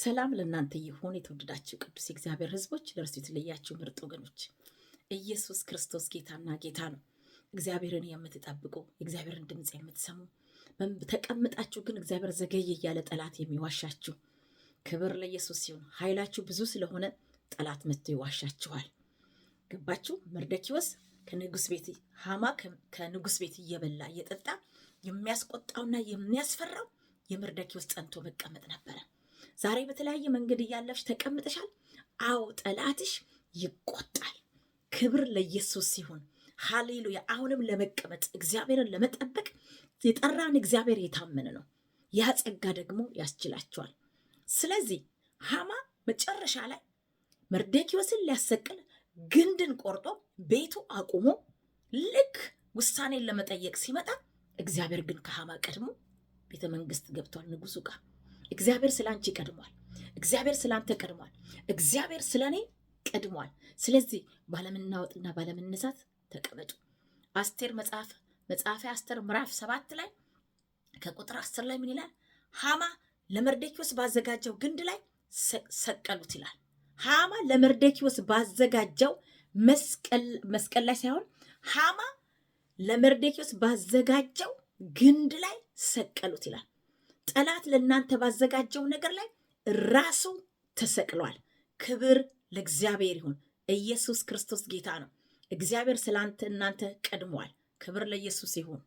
ሰላም ለእናንተ ይሁን የተወደዳችሁ ቅዱስ የእግዚአብሔር ሕዝቦች ለእርሱ የተለያችሁ ምርጥ ወገኖች፣ ኢየሱስ ክርስቶስ ጌታና ጌታ ነው። እግዚአብሔርን የምትጠብቁ የእግዚአብሔርን ድምፅ የምትሰሙ ተቀምጣችሁ ግን እግዚአብሔር ዘገየ እያለ ጠላት የሚዋሻችሁ ክብር ለኢየሱስ ሲሆን ኃይላችሁ ብዙ ስለሆነ ጠላት መጥቶ ይዋሻችኋል። ገባችሁ? መርደኪዎስ ከንጉስ ቤት ሃማ ከንጉስ ቤት እየበላ እየጠጣ የሚያስቆጣውና የሚያስፈራው የመርደኪዎስ ጸንቶ መቀመጥ ነበረ። ዛሬ በተለያየ መንገድ እያለፍሽ ተቀምጠሻል። አዎ ጠላትሽ ይቆጣል። ክብር ለኢየሱስ ሲሆን ሃሌሉያ። አሁንም ለመቀመጥ እግዚአብሔርን ለመጠበቅ የጠራን እግዚአብሔር የታመነ ነው። ያ ጸጋ ደግሞ ያስችላቸዋል። ስለዚህ ሃማ መጨረሻ ላይ መርዴኪዎስን ሊያሰቅል ግንድን ቆርጦ ቤቱ አቁሞ ልክ ውሳኔን ለመጠየቅ ሲመጣ እግዚአብሔር ግን ከሃማ ቀድሞ ቤተ መንግስት ገብቷል ንጉሱ ጋር። እግዚአብሔር ስለ አንቺ ቀድሟል። እግዚአብሔር ስለ አንተ ቀድሟል። እግዚአብሔር ስለ እኔ ቀድሟል። ስለዚህ ባለመናወጥና ባለመነሳት ተቀመጡ። አስቴር መጽሐፍ መጽሐፈ አስቴር ምዕራፍ ሰባት ላይ ከቁጥር አስር ላይ ምን ይላል? ሃማ ለመርዴኪዎስ ባዘጋጀው ግንድ ላይ ሰቀሉት ይላል። ሃማ ለመርዴኪዎስ ባዘጋጀው መስቀል ላይ ሳይሆን ሃማ ለመርዴኪዎስ ባዘጋጀው ግንድ ላይ ሰቀሉት ይላል። ጠላት ለእናንተ ባዘጋጀው ነገር ላይ ራሱ ተሰቅሏል። ክብር ለእግዚአብሔር ይሁን። ኢየሱስ ክርስቶስ ጌታ ነው። እግዚአብሔር ስለ አንተ እናንተ ቀድሟል። ክብር ለኢየሱስ ይሁን።